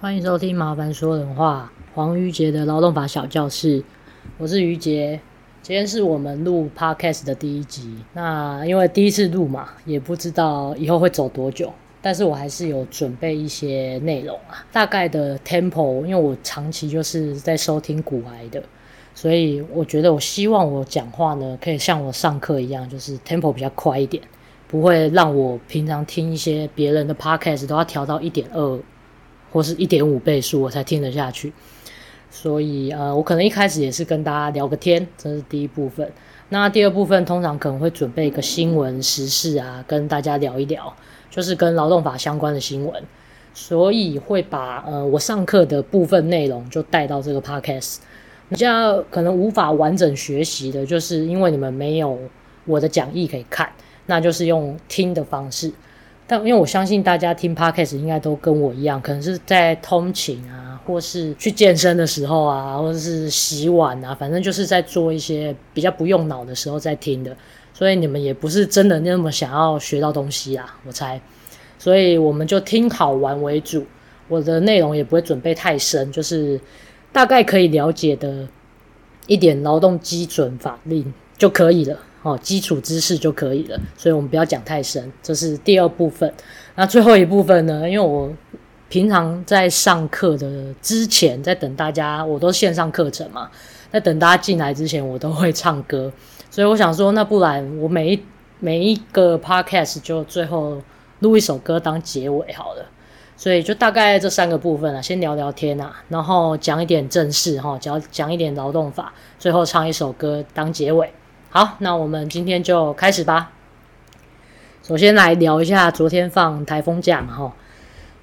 歡迎收聽《麻煩說人話》，黃於杰的勞動法小教室。我是於杰，今天是我們錄 Podcast 的第一集。那因為第一次錄嘛，也不知道以後會走多久，但是我還是有準備一些內容啊。大概的 Tempo，因為我長期就是在收聽股癌的，所以我覺得我希望我講話呢，可以像我上課一樣，就是 Tempo 比較快一點，不會讓我平常聽一些別人的 Podcast 都要調到一點二。或是一點五倍速，我才聽得下去。所以，呃，我可能一開始也是跟大家聊個天，這是第一部分。那第二部分通常可能會準備一個新聞時事啊，跟大家聊一聊，就是跟勞動法相關的新聞。所以會把呃我上課的部分內容就帶到這個 podcast。你像可能無法完整學習的，就是因為你們沒有我的講義可以看，那就是用聽的方式。但因為我相信大家聽 Podcast 應該都跟我一樣，可能是在通勤啊，或是去健身的時候啊，或者是洗碗啊，反正就是在做一些比較不用腦的時候在聽的。所以你們也不是真的那麼想要學到東西啊，我猜。所以我們就聽好玩為主，我的內容也不會準備太深，就是大概可以了解的一點勞動基準法令就可以了。哦，基礎知識就可以了，所以我們不要講太深。這是第二部分。那最後一部分呢？因為我平常在上課的之前，在等大家，我都線上課程嘛，在等大家進來之前，我都會唱歌。所以我想說，那不然我每一每一個 podcast 就最後錄一首歌當結尾好了。所以就大概這三個部分啊，先聊聊天啊，然後講一點正事哈、啊，講講一點勞動法，最後唱一首歌當結尾。好，那我們今天就開始吧。首先來聊一下昨天放台風假嘛哈。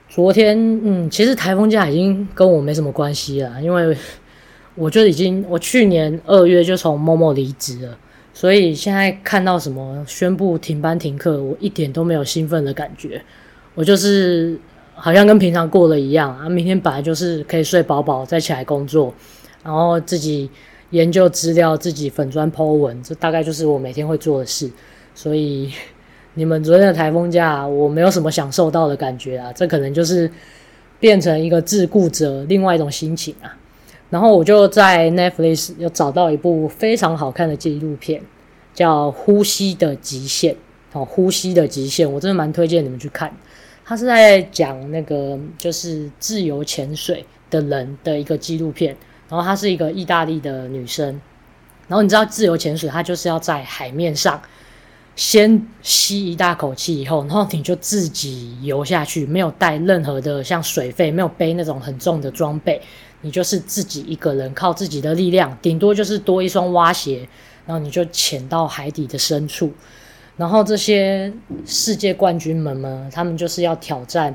昨天，嗯，其實台風假已經跟我沒什麼關係了，因為我就已經我去年二月就從 momo 離職了，所以現在看到什麼宣布停班停課，我一點都沒有興奮的感覺，我就是好像跟平常過了一樣啊。明天本來就是可以睡飽飽再起來工作，然後自己。研究資料，自己粉專 po 文，這大概就是我每天會做的事。所以，你們昨天的台風假，我沒有什麼享受到的感覺啊。這可能就是變成一個自雇者另外一種心情啊。然後我就在 Netflix 又找到一部非常好看的紀錄片，叫《呼吸的極限》。哦，《呼吸的極限》，我真的蠻推薦你們去看。它是在講那個就是自由潛水的人的一個紀錄片。然後她是一個意大利的女生，然後你知道自由潛水，它就是要在海面上先吸一大口氣以後，然後你就自己游下去，沒有帶任何的像水肺，沒有背那種很重的裝備，你就是自己一個人靠自己的力量，頂多就是多一雙蛙鞋，然後你就潛到海底的深處。然後這些世界冠軍們嘛，他們就是要挑戰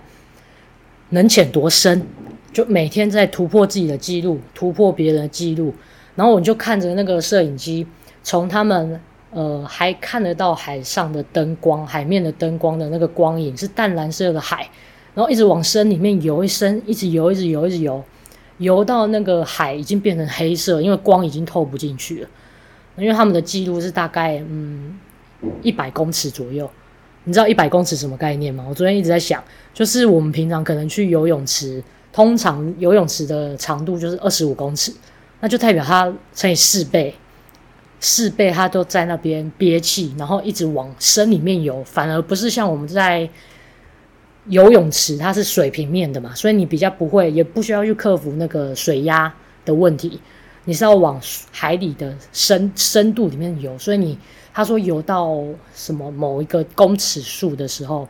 能潛多深。就每天在突破自己的記錄，突破別人的記錄，然後我就看着那個攝影機，從他們呃還看得到海上的燈光，海面的燈光的那個光影是淡藍色的海，然後一直往深裡面游，一深，一直游，一直游，一直游，游到那個海已經變成黑色，因為光已經透不進去了。因為他們的記錄是大概嗯一百公尺左右，你知道一百公尺什麼概念嗎？我昨天一直在想，就是我們平常可能去游泳池。通常游泳池的長度就是二十五公尺，那就代表它乘以四倍，四倍它都在那邊憋氣，然後一直往深裡面游，反而不是像我們在游泳池，它是水平面的嘛，所以你比較不會，也不需要去克服那個水壓的問題。你是要往海裡的深深度裡面游，所以你他說游到什麼某一個公尺數的時候。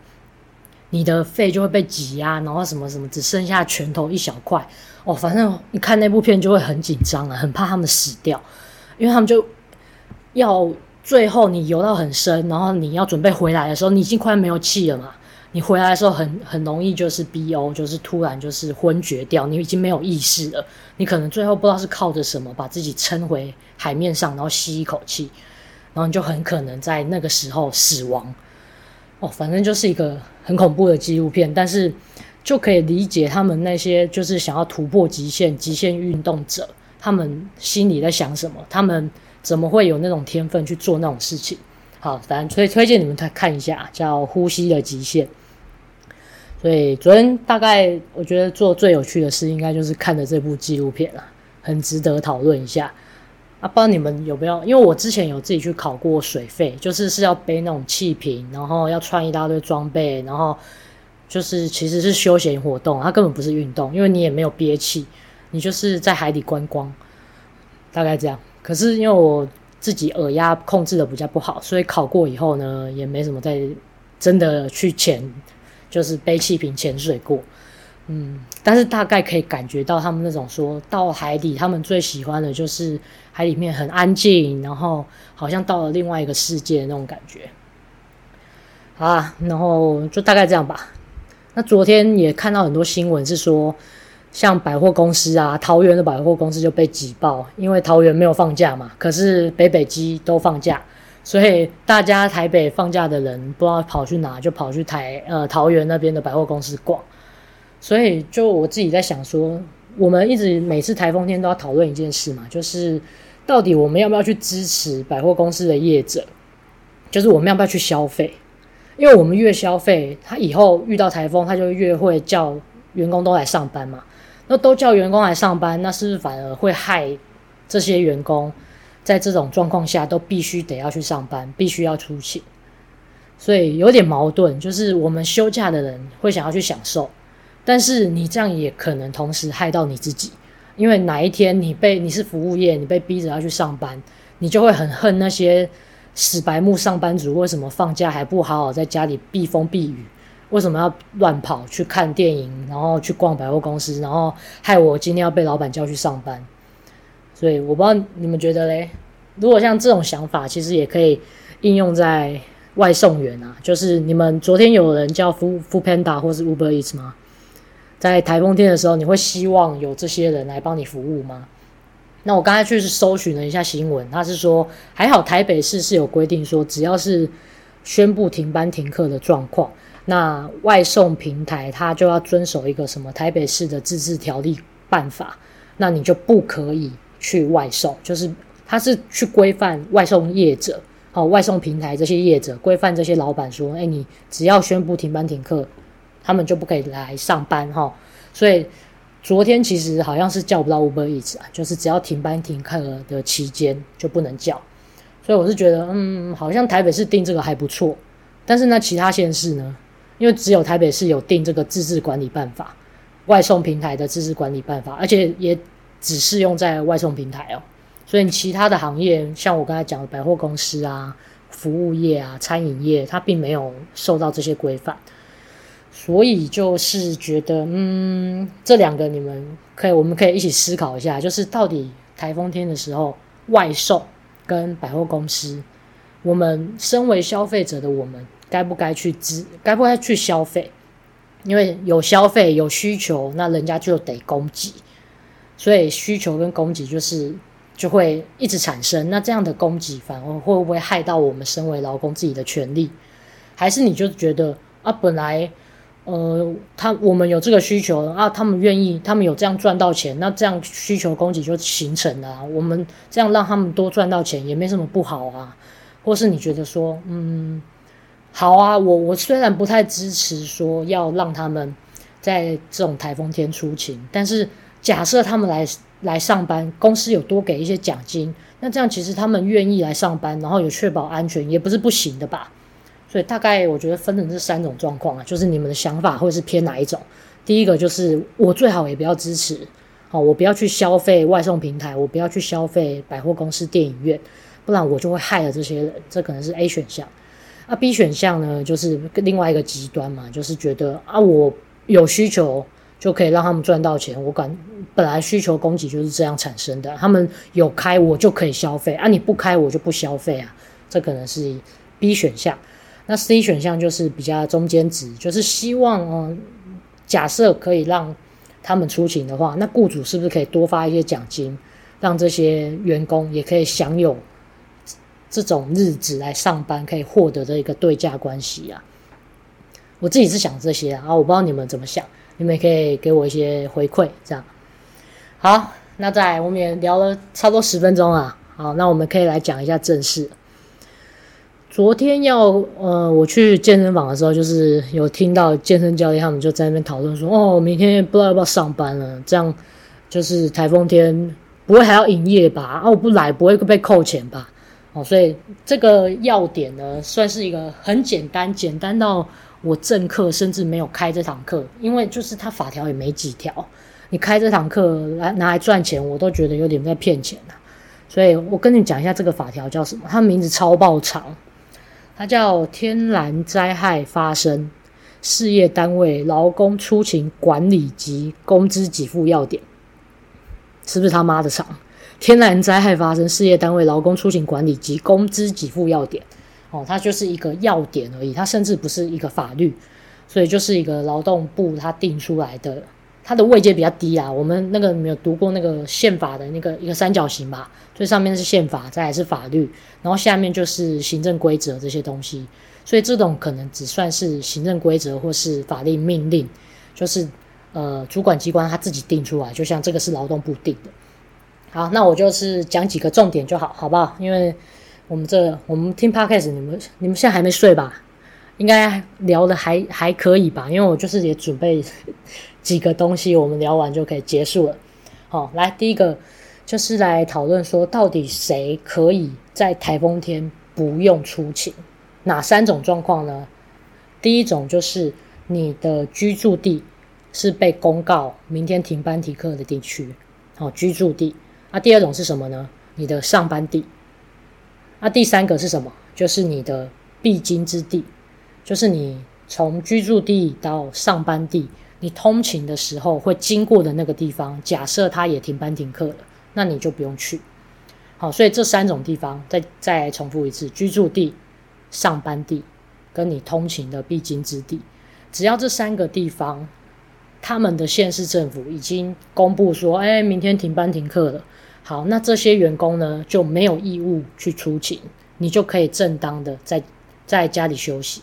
你的肺就會被擠壓，啊，然後什麼什麼只剩下拳頭一小塊哦，反正你看那部片就會很緊張了，啊，很怕他們死掉，因為他們就要最後你游到很深，然後你要準備回來的時候，你已經快沒有氣了嘛。你回來的時候很很容易就是 B O，就是突然就是昏厥掉，你已經沒有意識了。你可能最後不知道是靠着什麼把自己撐回海面上，然後吸一口氣，然後你就很可能在那個時候死亡。哦，反正就是一個。很恐怖的紀錄片，但是就可以理解他們那些就是想要突破極限、極限運動者，他們心裡在想什麼，他們怎麼會有那種天分去做那種事情？好，反正推推薦你們再看一下，叫《呼吸的極限》。所以昨天大概我覺得做得最有趣的事，應該就是看了這部紀錄片了，很值得討論一下。啊，不知道你們有沒有？因為我之前有自己去考過水肺，就是是要背那種氣瓶，然後要穿一大堆裝備，然後就是其實是休閒活動，它根本不是運動，因為你也沒有憋氣，你就是在海底觀光，大概這樣。可是因為我自己耳壓控制的比較不好，所以考過以後呢，也沒什麼再真的去潛，就是背氣瓶潛水過。嗯，但是大概可以感覺到他們那種說到海底，他們最喜歡的就是海裡面很安靜，然後好像到了另外一個世界的那種感覺。啊，然後就大概這樣吧。那昨天也看到很多新聞是說，像百貨公司啊，桃園的百貨公司就被擠爆，因為桃園沒有放假嘛，可是北北基都放假，所以大家台北放假的人不知道跑去哪，就跑去台呃桃園那邊的百貨公司逛。所以，就我自己在想說，我們一直每次台風天都要討論一件事嘛，就是到底我們要不要去支持百貨公司的業者？就是我們要不要去消費？因為我們越消費，他以後遇到台風，他就越會叫員工都來上班嘛。那都叫員工來上班，那是不是反而會害這些員工在這種狀況下都必須得要去上班，必須要出勤？所以有點矛盾，就是我們休假的人會想要去享受。但是你這樣也可能同時害到你自己，因為哪一天你被你是服務業，你被逼着要去上班，你就會很恨那些死白目上班族。為什麼放假還不好好在家裡避風避雨？為什麼要亂跑去看電影，然後去逛百貨公司，然後害我今天要被老闆叫去上班？所以我不知道你們覺得嘞？如果像這種想法，其實也可以應用在外送員啊，就是你們昨天有人叫 u, Foodpanda 或是 Uber Eats 嗎？在颱風天的時候，你會希望有這些人來幫你服務嗎？那我剛才去搜尋了一下新聞，他是說還好台北市是有規定說，只要是宣布停班停課的狀況，那外送平台他就要遵守一個什麼台北市的自治條例辦法，那你就不可以去外送，就是他是去規範外送業者，好、哦、外送平台這些業者規範這些老板說，誒、欸，你只要宣布停班停課。他們就不可以來上班哈，所以昨天其實好像是叫不到 Uber Eats 啊，就是只要停班停課的期間就不能叫，所以我是覺得，嗯，好像台北市定這個還不錯，但是呢，其他縣市呢，因為只有台北市有定這個自治管理辦法，外送平台的自治管理辦法，而且也只適用在外送平台哦、喔，所以其他的行業，像我剛才講的百貨公司啊、服務業啊、餐飲業，它並沒有受到這些規範。所以就是覺得，嗯，這兩個你們可以，我們可以一起思考一下，就是到底颱風天的時候，外送跟百貨公司，我們身為消費者的我們，該不該去支，該不該去消費？因為有消費有需求，那人家就得供給，所以需求跟供給就是就會一直產生。那這樣的供給，反而會不會害到我們身為勞工自己的權利？還是你就覺得啊，本來？呃，他我們有這個需求啊，他們願意，他們有這樣賺到錢，那這樣需求供給就形成了啊，我們這樣讓他們多賺到錢也沒什麼不好啊。或是你覺得說，嗯，好啊，我我雖然不太支持說要讓他們在這種颱風天出勤，但是假設他們來來上班，公司有多給一些獎金，那這樣其實他們願意來上班，然後有確保安全，也不是不行的吧。所以大概我覺得分成這三種狀況啊，就是你們的想法會是偏哪一種？第一個就是我最好也不要支持，好，我不要去消費外送平台，我不要去消費百貨公司、電影院，不然我就會害了這些人，這可能是 A 選項。啊，B 選項呢，就是另外一個極端嘛，就是覺得啊，我有需求就可以讓他們賺到錢，我感本來需求供給就是這樣產生的，他們有開我就可以消費啊，你不開我就不消費啊，這可能是 B 選項。那 C 選項就是比較中間值，就是希望呃、嗯，假設可以讓他們出勤的話，那雇主是不是可以多發一些獎金，讓這些員工也可以享有這種日子來上班可以獲得的一個對價關係啊？我自己是想這些啊，啊，我不知道你們怎麼想，你們也可以給我一些回饋。這樣好，那在我們也聊了差不多十分鐘啊，好，那我們可以來講一下正事。昨天要呃，我去健身房的時候，就是有聽到健身教練他們就在那邊討論說，哦，明天不知道要不要上班了，這樣就是台風天不會還要營業吧？啊，我不來不會被扣錢吧？哦，所以這個要點呢，算是一個很簡單，簡單到我正課甚至沒有開這堂課，因為就是他法條也沒幾條，你開這堂課來拿來賺錢，我都覺得有點在騙錢啊。所以我跟你講一下這個法條叫什麼，它名字超爆長。它叫《天然災害發生事業單位勞工出勤管理及工資給付要點》，是不是他媽的長？天然災害發生事業單位勞工出勤管理及工資給付要點，哦，它就是一個要點而已，它甚至不是一個法律，所以就是一個勞動部它定出來的。它的位階比較低啊，我們那個沒有讀過那個憲法的那個一個三角形吧，最上面是憲法，再來是法律，然後下面就是行政規則這些東西，所以這種可能只算是行政規則或是法令命令，就是呃主管機關他自己定出來，就像這個是勞動部定的。好，那我就是講幾個重點就好，好不好？因為我們這個、我們聽 Podcast 你們你們現在還沒睡吧？應該聊得還還可以吧？因為我就是也準備。幾個東西，我們聊完就可以結束了。好，來第一個就是來討論說，到底誰可以在台風天不用出勤？哪三種狀況呢？第一種就是你的居住地是被公告明天停班停課的地區，好，居住地。啊，第二種是什麼呢？你的上班地。啊，第三個是什麼？就是你的必經之地，就是你從居住地到上班地。你通勤的時候會經過的那個地方，假設他也停班停課了，那你就不用去。好，所以這三種地方，再再重複一次：居住地、上班地、跟你通勤的必經之地。只要這三個地方，他們的縣市政府已經公布說，哎，明天停班停課了。好，那這些員工呢，就沒有義務去出勤，你就可以正當的在在家裡休息。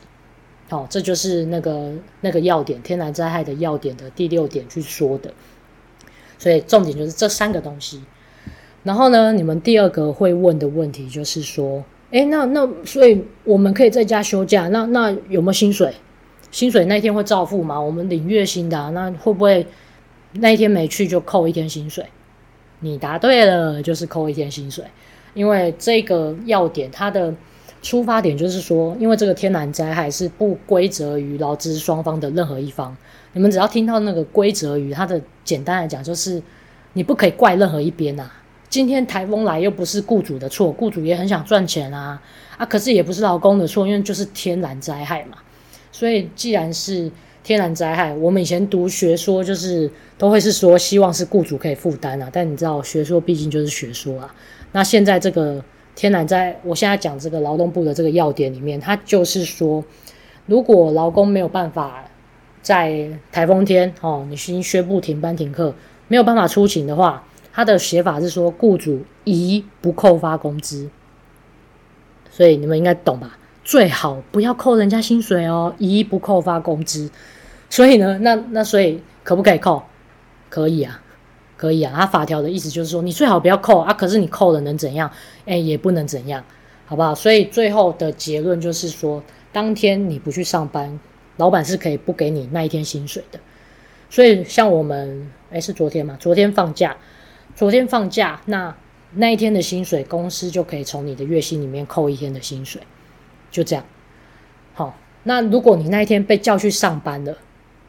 好、哦，這就是那個那個要點，天然災害的要點的第六點去說的。所以重點就是這三個東西。然後呢，你們第二個會問的問題就是說，哎，那那所以我們可以在家休假，那那有沒有薪水？薪水那一天會照付嗎？我們領月薪的、啊，那會不會那一天沒去就扣一天薪水？你答對了，就是扣一天薪水，因為這個要點它的。出發點就是說，因為這個天然災害是不歸責於勞資雙方的任何一方。你們只要聽到那個歸責於，它的簡單來講就是，你不可以怪任何一邊啊。今天台風來又不是雇主的錯，雇主也很想賺錢啊，啊，可是也不是勞工的錯，因為就是天然災害嘛。所以既然是天然災害，我們以前讀學說就是都會是說希望是雇主可以負擔啊。但你知道學說畢竟就是學說啊，那現在這個。天然在我現在講這個勞動部的這個要點裡面，他就是說，如果勞工沒有辦法在台風天哦，你先宣布停班停課，沒有辦法出勤的話，他的寫法是說，雇主宜不扣發工資。所以你們應該懂吧？最好不要扣人家薪水哦，宜不扣發工資。所以呢，那那所以可不可以扣？可以啊。可以啊，他法條的意思就是說，你最好不要扣啊。可是你扣了能怎樣？哎，也不能怎樣，好不好？所以最後的結論就是說，當天你不去上班，老闆是可以不給你那一天薪水的。所以像我們，哎，是昨天嘛？昨天放假，昨天放假，那那一天的薪水，公司就可以從你的月薪裡面扣一天的薪水，就這樣。好，那如果你那一天被叫去上班了。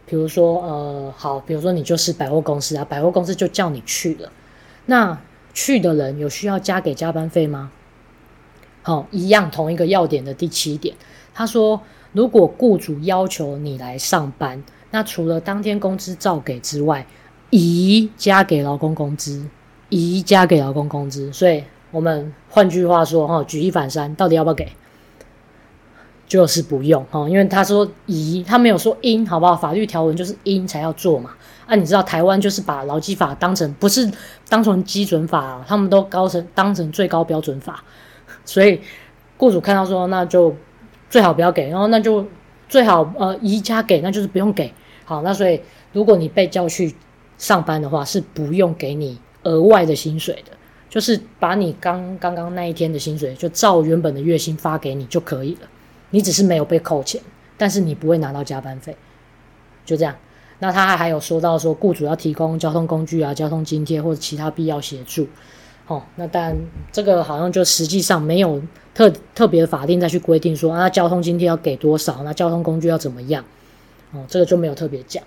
比如說，呃，好，比如說你就是百貨公司啊，百貨公司就叫你去了，那去的人有需要加給加班費嗎？齁，一樣同一個要點的第七點，他說如果雇主要求你來上班，那除了當天工資照給之外，宜加給勞工工資，宜加給勞工工資。所以我們換句話說，齁，舉一反三，到底要不要給？就是不用哈，因為他說宜，他沒有說應，好不好？法律條文就是應才要做嘛。啊，你知道台灣就是把勞基法當成不是當成基準法，啊，他們都搞成當成最高標準法，所以雇主看到說那就最好不要給，然後那就最好呃宜加給，那就是不用給。好，那所以如果你被叫去上班的話，是不用給你額外的薪水的，就是把你剛剛剛那一天的薪水就照原本的月薪發給你就可以了。你只是沒有被扣錢，但是你不會拿到加班費，就這樣。那他還有說到說，雇主要提供交通工具啊、交通津貼或者其他必要協助，哦，那但這個好像就實際上沒有特特別法定再去規定說啊，交通津貼要給多少，那、啊、交通工具要怎麼樣，哦，這個就沒有特別講。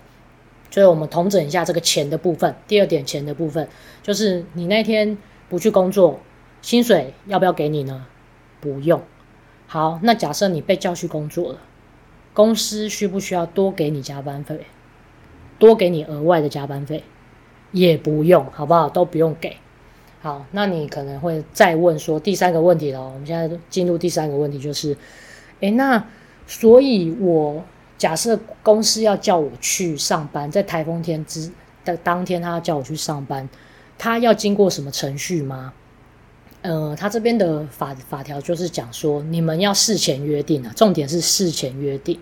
所以我們統整一下這個錢的部分。第二點錢的部分，就是你那天不去工作，薪水要不要給你呢？不用。好，那假設你被叫去工作了，公司需不需要多給你加班費，多給你額外的加班費？也不用，好不好？都不用給。好，那你可能會再問說第三個問題了。我們現在進入第三個問題，就是，誒、欸，那所以我假設公司要叫我去上班，在台風天之的當天，他要叫我去上班，他要經過什麼程序嗎？呃，他這邊的法法條就是講說，你們要事前約定啊，重點是事前約定。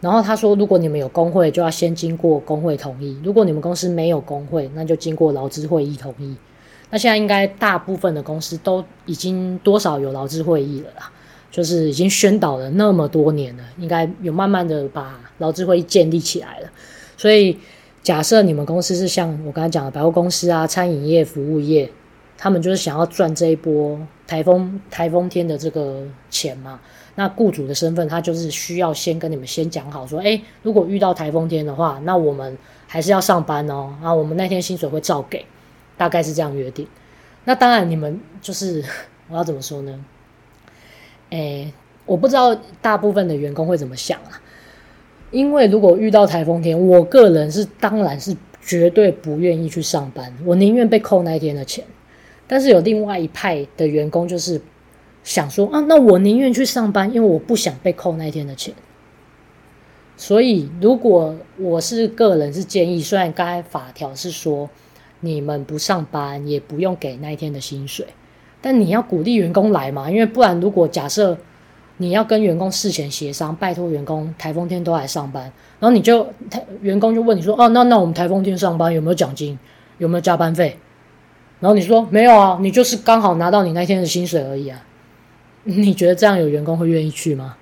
然後他說，如果你們有工會，就要先經過工會同意；如果你們公司沒有工會，那就經過勞資會議同意。那現在應該大部分的公司都已經多少有勞資會議了啦，就是已經宣導了那麼多年了，應該有慢慢的把勞資會議建立起來了。所以，假設你們公司是像我剛才講的百貨公司啊、餐飲業、服務業。他們就是想要賺這一波台風颱風天的這個錢嘛。那雇主的身份，他就是需要先跟你們先講好，說，哎、欸，如果遇到颱風天的話，那我們還是要上班哦，啊，我們那天薪水會照給，大概是這樣約定。那當然，你們就是我要怎麼說呢？誒、欸、我不知道大部分的員工會怎麼想啊。因為如果遇到颱風天，我個人是當然是絕對不願意去上班，我寧願被扣那一天的錢。但是有另外一派的員工就是想說啊，那我寧願去上班，因為我不想被扣那一天的錢。所以如果我是個人，是建議，雖然剛才法條是說你們不上班也不用給那一天的薪水，但你要鼓勵員工來嘛，因為不然如果假設你要跟員工事前協商，拜托員工台風天都來上班，然後你就、呃、員工就問你說哦、啊，那那我們台風天上班有沒有獎金，有沒有加班費？然後你說沒有啊，你就是剛好拿到你那天的薪水而已啊。你覺得這樣有員工會願意去嗎？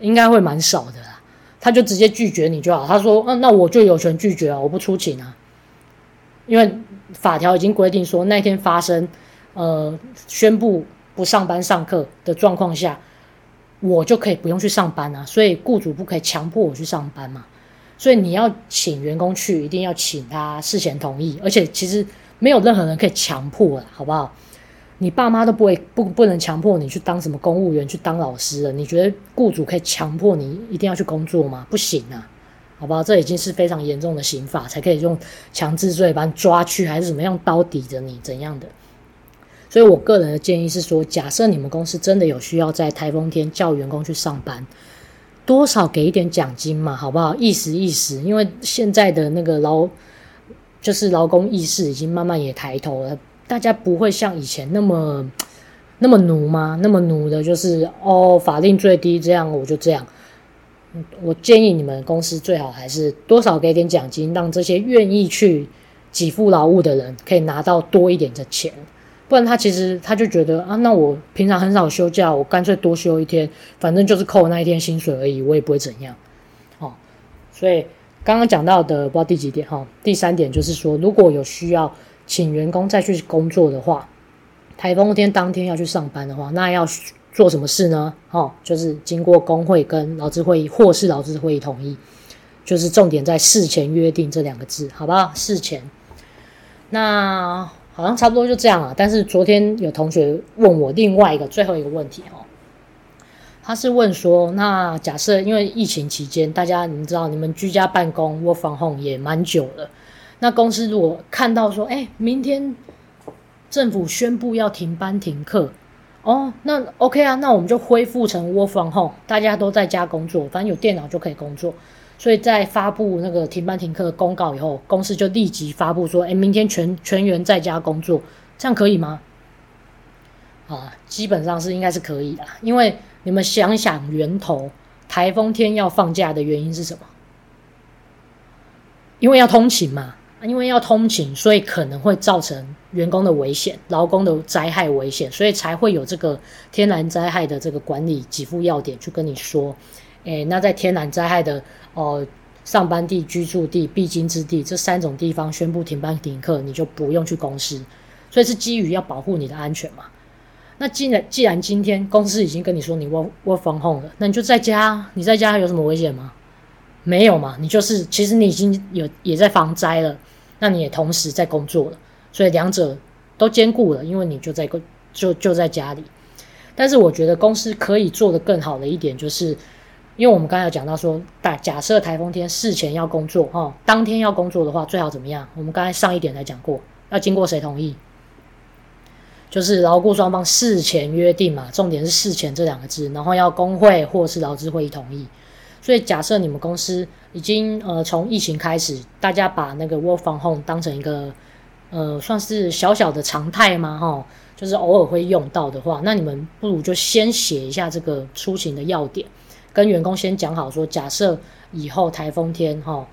應該會蠻少的啦。他就直接拒絕你就好。他說：“嗯、啊，那我就有權拒絕啊，我不出勤啊。因為法條已經規定說，那天發生呃宣布不上班上課的狀況下，我就可以不用去上班啊。所以雇主不可以強迫我去上班嘛。所以你要請員工去，一定要請他事前同意，而且其實。”沒有任何人可以強迫啊，好不好？你爸媽都不會不不能強迫你去當什麼公務員、去當老師了。你覺得雇主可以強迫你一定要去工作嗎？不行啊，好不好？這已經是非常嚴重的刑法，才可以用強制罪把你抓去，還是怎麼樣？用刀抵着你怎樣的？所以我個人的建議是說，假設你們公司真的有需要在台風天叫員工去上班，多少給一點獎金嘛，好不好？意思意思，因為現在的那個勞。就是勞工意識已經慢慢也抬頭了，大家不會像以前那麼那麼奴嗎？那麼奴的就是哦，法定最低這樣我就這樣。我建議你們公司最好還是多少給點獎金，讓這些願意去給付勞務的人可以拿到多一點的錢。不然他其實他就覺得啊，那我平常很少休假，我乾脆多休一天，反正就是扣那一天薪水而已，我也不會怎樣。哦，所以。剛剛講到的，不知道第幾點哈、哦？第三點就是說，如果有需要請員工再去工作的話，颱風天當天要去上班的話，那要做什麼事呢？哦，就是經過工會跟勞資會議或是勞資會議同意，就是重點在事前約定這兩個字，好不好？事前，那好像差不多就這樣了、啊。但是昨天有同學問我另外一個最後一個問題哦。他是問說：“那假設因為疫情期間，大家你們知道你們居家辦公 （work from home） 也蠻久了，那公司如果看到說，哎，明天政府宣布要停班停課，哦，那 OK 啊，那我們就恢復成 work from home，大家都在家工作，反正有電腦就可以工作。所以在發布那個停班停課的公告以後，公司就立即發布說，哎，明天全全員在家工作，這樣可以嗎？”啊，基本上是應該是可以的，因為你們想想源頭，台風天要放假的原因是什麼？因為要通勤嘛，因為要通勤，所以可能會造成員工的危險、勞工的災害危險，所以才會有這個天然災害的這個管理給付要點去跟你說。誒、欸，那在天然災害的哦、呃，上班地、居住地、必經之地這三種地方宣布停班停課，你就不用去公司，所以是基於要保護你的安全嘛。那既然既然今天公司已經跟你說你 work work from home 了，那你就在家，你在家有什麼危險嗎？沒有嘛，你就是其實你已經有也在防災了，那你也同時在工作了，所以兩者都兼顧了，因為你就在就就在家裡。但是我覺得公司可以做得更好的一點就是，因為我們剛才有講到說，打假設台風天事前要工作哦，當天要工作的話，最好怎麼樣？我們剛才上一點來講過，要經過誰同意？就是勞雇雙方事前約定嘛，重點是事前這兩個字，然後要工會或是勞資會議同意。所以假設你們公司已經呃從疫情開始，大家把那個 work from home 當成一個呃算是小小的常態嘛，哈、哦，就是偶爾會用到的話，那你們不如就先寫一下這個出勤的要點，跟員工先講好說，假設以後颱風天哈、哦，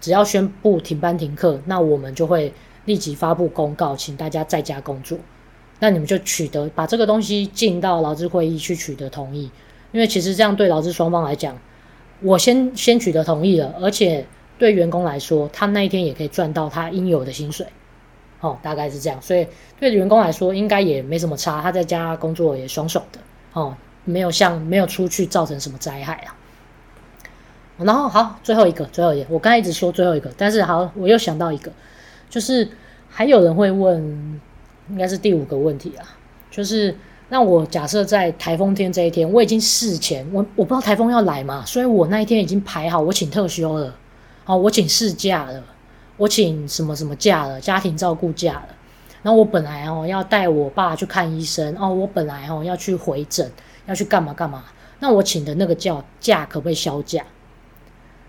只要宣布停班停課，那我們就會立即發布公告，請大家在家工作。那你們就取得把這個東西進到勞資會議去取得同意，因為其實這樣對勞資雙方來講，我先先取得同意了，而且對員工來說，他那一天也可以賺到他應有的薪水，哦，大概是這樣，所以對員工來說應該也沒什麼差，他在家工作也爽爽的，哦，沒有像沒有出去造成什麼災害啊。然後好，最後一個，最後一個。我剛才一直說最後一個，但是好，我又想到一個，就是還有人會問。應該是第五個問題啊，就是那我假設在台風天這一天，我已經事前我我不知道台風要來嘛，所以我那一天已經排好，我請特休了，好，我請事假了，我請什麼什麼假了，家庭照顧假了。那我本來哦要帶我爸去看醫生哦，我本來哦要去回診，要去幹嘛幹嘛。那我請的那個假，可不可以銷假？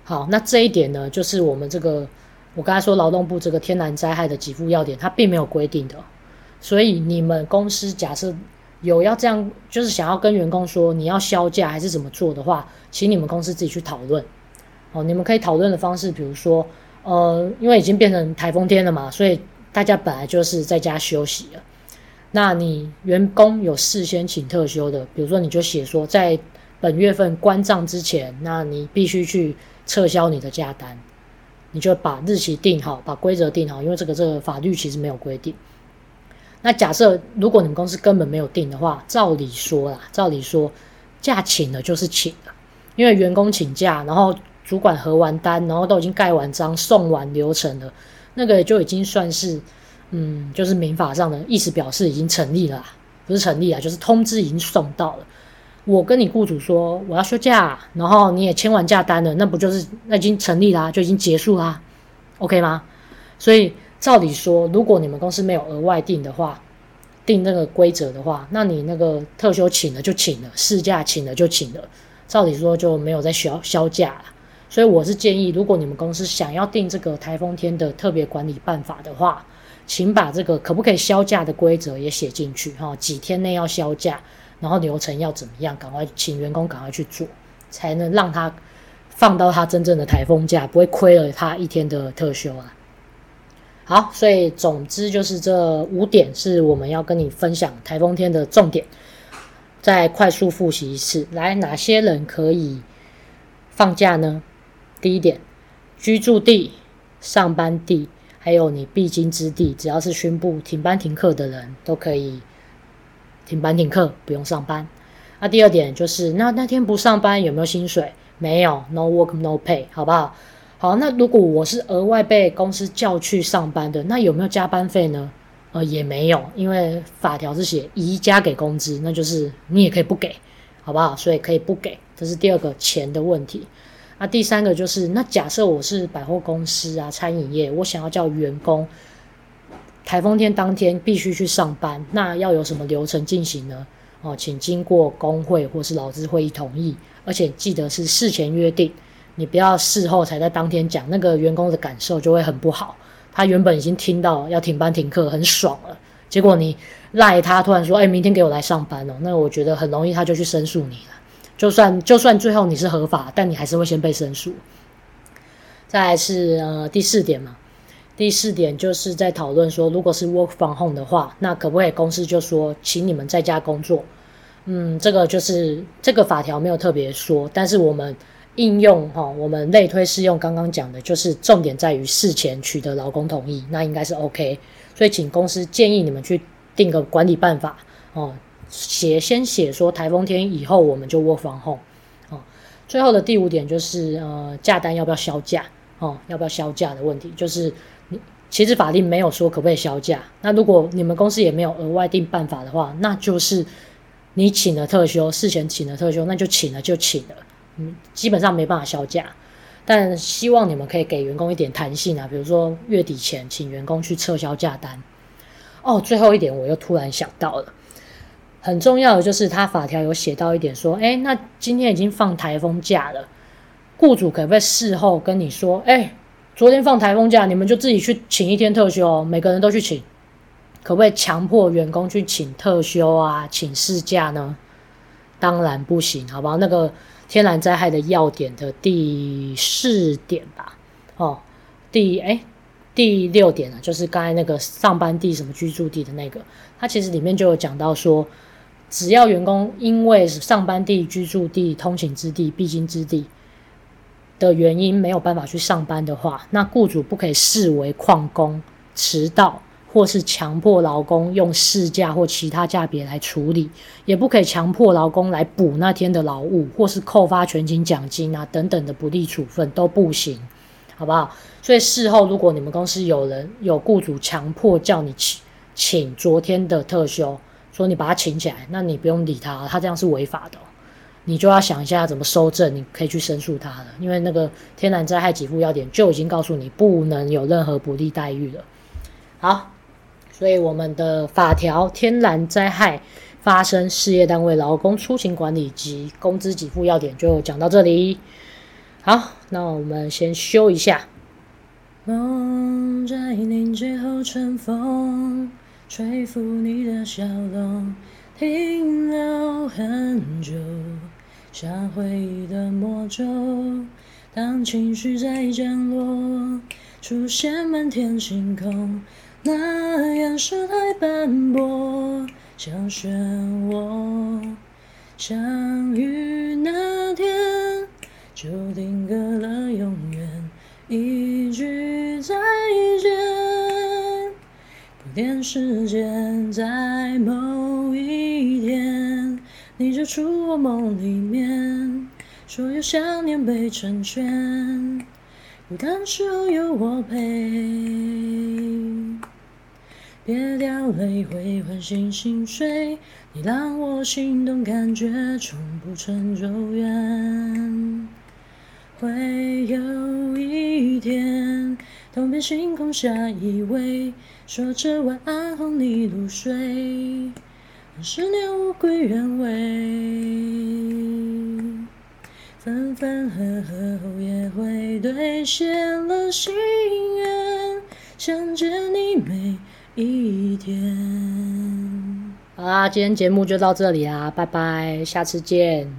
好，那這一點呢，就是我們這個我剛才說勞動部這個天然災害的給付要點，它並沒有規定的。所以你們公司假設有要這樣，就是想要跟員工說你要銷假還是怎麼做的話，請你們公司自己去討論。哦，你們可以討論的方式，比如說，呃，因為已經變成台風天了嘛，所以大家本來就是在家休息了。那你員工有事先請特休的，比如說你就寫說，在本月份關賬之前，那你必須去撤銷你的假單。你就把日期定好，把規則定好，因為這個這個法律其實沒有規定。那假設如果你們公司根本沒有定的話，照理說啦，照理說，假請了就是請了，因為員工請假，然後主管核完單，然後都已經蓋完章、送完流程了，那個就已經算是，嗯，就是民法上的意思表示已經成立了，不是成立啊，就是通知已經送到了。我跟你雇主說我要休假，然後你也簽完假單了，那不就是那已經成立啦啊，就已經結束啦啊，OK 嗎？所以。照理說，如果你們公司沒有額外定的話，定那個規則的話，那你那個特休請了就請了，事假請了就請了，照理說就沒有再銷銷假了。所以我是建議，如果你們公司想要定這個颱風天的特別管理辦法的話，請把這個可不可以銷假的規則也寫進去哈，幾天內要銷假，然後流程要怎麼樣，趕快請員工趕快去做，才能讓他放到他真正的颱風假，不會虧了他一天的特休啊。好，所以總之就是這五點是我們要跟你分享颱風天的重點。再快速複習一次，來，哪些人可以放假呢？第一點，居住地、上班地，還有你必經之地，只要是宣布停班停課的人都可以停班停課，不用上班。那、啊、第二點就是，那那天不上班有沒有薪水？沒有，No work, no pay，好不好？好，那如果我是額外被公司叫去上班的，那有沒有加班費呢？呃，也沒有，因為法條是寫宜加給工資，那就是你也可以不給，好不好？所以可以不給，這是第二個錢的問題。啊，第三個就是，那假設我是百貨公司啊、餐飲業，我想要叫員工台風天當天必須去上班，那要有什麼流程進行呢？哦，請經過工會或是勞資會議同意，而且記得是事前約定。你不要事後才在當天講，那個員工的感受就會很不好。他原本已經聽到要停班停課很爽了，結果你賴他，突然說：“誒，明天給我來上班哦。”那我覺得很容易他就去申訴你了。就算就算最後你是合法，但你還是會先被申訴。再來是呃第四點嘛，第四點就是在討論說，如果是 work from home 的話，那可不可以公司就說請你們在家工作？嗯，這個就是這個法條沒有特別說，但是我們。應用哈、哦，我們類推適用剛剛講的，就是重點在於事前取得勞工同意，那應該是 OK。所以請公司建議你們去定個管理辦法哦，寫先寫說台風天以後我們就 work from home 哦。最後的第五點就是呃，假單要不要銷假哦，要不要銷假的問題，就是你其實法令沒有說可不可以銷假，那如果你們公司也沒有額外定辦法的話，那就是你請了特休，事前請了特休，那就請了就請了。基本上沒辦法銷假，但希望你們可以給員工一點彈性啊，比如說月底前請員工去撤銷假單。哦，最後一點我又突然想到了，很重要的就是他法條有寫到一點說，誒，那今天已經放台風假了，雇主可不可以事後跟你說，誒，昨天放台風假，你們就自己去請一天特休哦，每個人都去請，可不可以強迫員工去請特休啊，請事假呢？當然不行，好不好？那個。天然災害的要點的第四點吧，哦，第哎第六點呢，啊，就是剛才那個上班地什麼居住地的那個，它其實裡面就有講到說，只要員工因為上班地、居住地、通勤之地、必經之地的原因沒有辦法去上班的話，那僱主不可以視為曠工、遲到。或是強迫勞工用事假或其他假別來處理，也不可以強迫勞工來補那天的勞務，或是扣發全勤獎金啊等等的不利處分都不行，好不好？所以事後如果你們公司有人有雇主強迫叫你請請昨天的特休，說你把他請起來，那你不用理他，他這樣是違法的，你就要想一下怎麼蒐證，你可以去申訴他了，因為那個天然災害給付要點就已經告訴你不能有任何不利待遇了，好。所以我們的法條，天然災害發生事業單位勞工出勤管理及工資給付要點就講到這裡，好，那我們先休一下。夢在凝結後乘風吹拂，你的笑容停留很久，像回憶的魔咒，當情緒在降落，出現滿天星空那顏色太斑駁，像漩渦。相遇那天就定格了永遠，一句再見。不念時間，在某一天，你走出我夢裡面，所有想念被成全，孤單時候有我陪。別掉淚，會喚醒心碎。你讓我心動，感覺從不曾走遠。會有一天，同片星空下依偎，說着晚安哄你入睡。讓思念物歸原位，分分合合後也會兌現了心願，想見你每一天，好啦，今天節目就到這裡啦，拜拜，下次見。